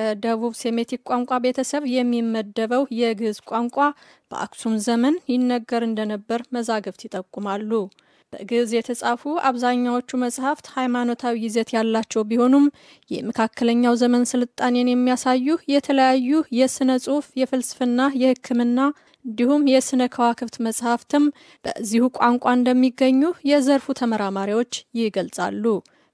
ከደቡብ ሴሜቲክ ቋንቋ ቤተሰብ የሚመደበው የግዕዝ ቋንቋ በአክሱም ዘመን ይነገር እንደነበር መዛግብት ይጠቁማሉ። በግዕዝ የተጻፉ አብዛኛዎቹ መጽሐፍት ሃይማኖታዊ ይዘት ያላቸው ቢሆኑም የመካከለኛው ዘመን ስልጣኔን የሚያሳዩ የተለያዩ የስነ ጽሁፍ የፍልስፍና፣ የሕክምና እንዲሁም የስነ ከዋክብት መጽሐፍትም በዚሁ ቋንቋ እንደሚገኙ የዘርፉ ተመራማሪዎች ይገልጻሉ።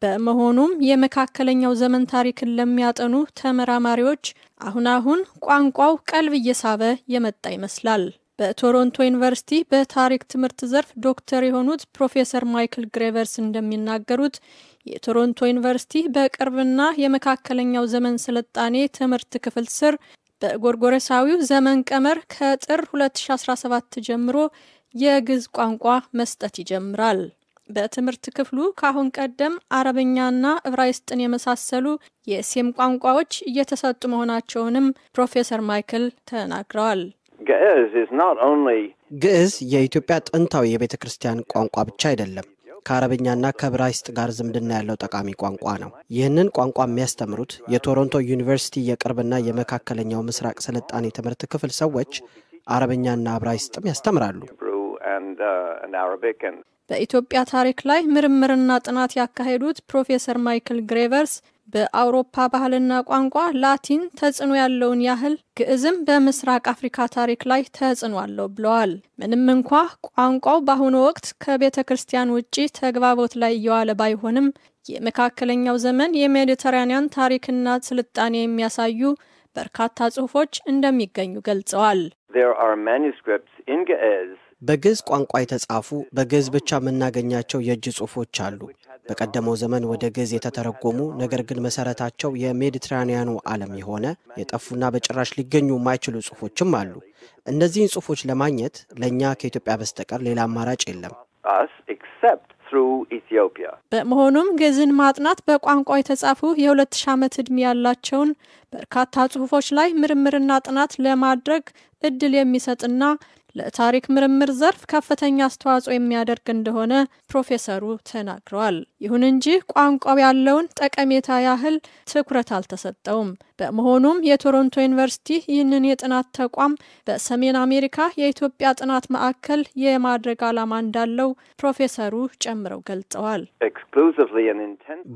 በመሆኑም የመካከለኛው ዘመን ታሪክን ለሚያጠኑ ተመራማሪዎች አሁን አሁን ቋንቋው ቀልብ እየሳበ የመጣ ይመስላል። በቶሮንቶ ዩኒቨርሲቲ በታሪክ ትምህርት ዘርፍ ዶክተር የሆኑት ፕሮፌሰር ማይክል ግሬቨርስ እንደሚናገሩት የቶሮንቶ ዩኒቨርሲቲ በቅርብና የመካከለኛው ዘመን ስልጣኔ ትምህርት ክፍል ስር በጎርጎረሳዊው ዘመን ቀመር ከጥር 2017 ጀምሮ የግዕዝ ቋንቋ መስጠት ይጀምራል። በትምህርት ክፍሉ ከአሁን ቀደም አረብኛና እብራይስጥን የመሳሰሉ የሴም ቋንቋዎች እየተሰጡ መሆናቸውንም ፕሮፌሰር ማይክል ተናግረዋል። ግዕዝ የኢትዮጵያ ጥንታዊ የቤተ ክርስቲያን ቋንቋ ብቻ አይደለም። ከአረብኛና ከብራይስጥ ጋር ዝምድና ያለው ጠቃሚ ቋንቋ ነው። ይህንን ቋንቋ የሚያስተምሩት የቶሮንቶ ዩኒቨርሲቲ የቅርብና የመካከለኛው ምስራቅ ስልጣኔ ትምህርት ክፍል ሰዎች አረብኛና ብራይስጥም ያስተምራሉ። በኢትዮጵያ ታሪክ ላይ ምርምርና ጥናት ያካሄዱት ፕሮፌሰር ማይክል ግሬቨርስ በአውሮፓ ባህልና ቋንቋ ላቲን ተጽዕኖ ያለውን ያህል ግዕዝም በምስራቅ አፍሪካ ታሪክ ላይ ተጽዕኖ አለው ብለዋል። ምንም እንኳ ቋንቋው በአሁኑ ወቅት ከቤተ ክርስቲያን ውጪ ተግባቦት ላይ እየዋለ ባይሆንም የመካከለኛው ዘመን የሜዲተራኒያን ታሪክና ስልጣኔ የሚያሳዩ በርካታ ጽሑፎች እንደሚገኙ ገልጸዋል። በግዕዝ ቋንቋ የተጻፉ በግዕዝ ብቻ የምናገኛቸው የእጅ ጽሑፎች አሉ። በቀደመው ዘመን ወደ ግዕዝ የተተረጎሙ ነገር ግን መሰረታቸው የሜዲትራኒያኑ ዓለም የሆነ የጠፉና በጭራሽ ሊገኙ የማይችሉ ጽሑፎችም አሉ። እነዚህን ጽሑፎች ለማግኘት ለእኛ ከኢትዮጵያ በስተቀር ሌላ አማራጭ የለም። በመሆኑም ግዕዝን ማጥናት በቋንቋ የተጻፉ የሁለት ሺህ ዓመት ዕድሜ ያላቸውን በርካታ ጽሑፎች ላይ ምርምርና ጥናት ለማድረግ እድል የሚሰጥና ለታሪክ ምርምር ዘርፍ ከፍተኛ አስተዋጽኦ የሚያደርግ እንደሆነ ፕሮፌሰሩ ተናግረዋል። ይሁን እንጂ ቋንቋው ያለውን ጠቀሜታ ያህል ትኩረት አልተሰጠውም። በመሆኑም የቶሮንቶ ዩኒቨርሲቲ ይህንን የጥናት ተቋም በሰሜን አሜሪካ የኢትዮጵያ ጥናት ማዕከል የማድረግ ዓላማ እንዳለው ፕሮፌሰሩ ጨምረው ገልጸዋል።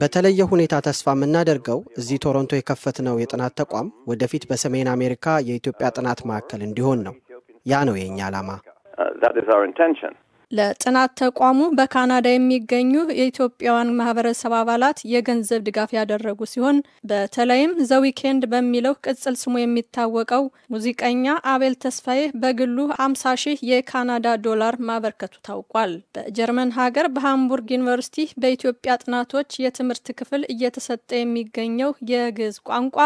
በተለየ ሁኔታ ተስፋ የምናደርገው እዚህ ቶሮንቶ የከፈትነው የጥናት ተቋም ወደፊት በሰሜን አሜሪካ የኢትዮጵያ ጥናት ማዕከል እንዲሆን ነው። ያ ነው የእኛ ዓላማ። ለጥናት ተቋሙ በካናዳ የሚገኙ የኢትዮጵያውያን ማህበረሰብ አባላት የገንዘብ ድጋፍ ያደረጉ ሲሆን በተለይም ዘዊኬንድ በሚለው ቅጽል ስሙ የሚታወቀው ሙዚቀኛ አቤል ተስፋዬ በግሉ 50 ሺህ የካናዳ ዶላር ማበርከቱ ታውቋል። በጀርመን ሀገር በሃምቡርግ ዩኒቨርሲቲ በኢትዮጵያ ጥናቶች የትምህርት ክፍል እየተሰጠ የሚገኘው የግዕዝ ቋንቋ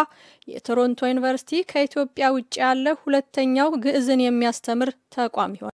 የቶሮንቶ ዩኒቨርሲቲ ከኢትዮጵያ ውጭ ያለ ሁለተኛው ግዕዝን የሚያስተምር ተቋም ይሆናል።